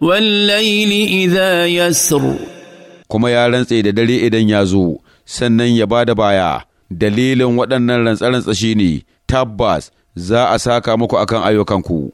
wallaili kuma ya rantse da dare idan ya zo sannan ya ba da baya dalilin waɗannan rantsa shi ne tabbas za a saka muku akan ayyukanku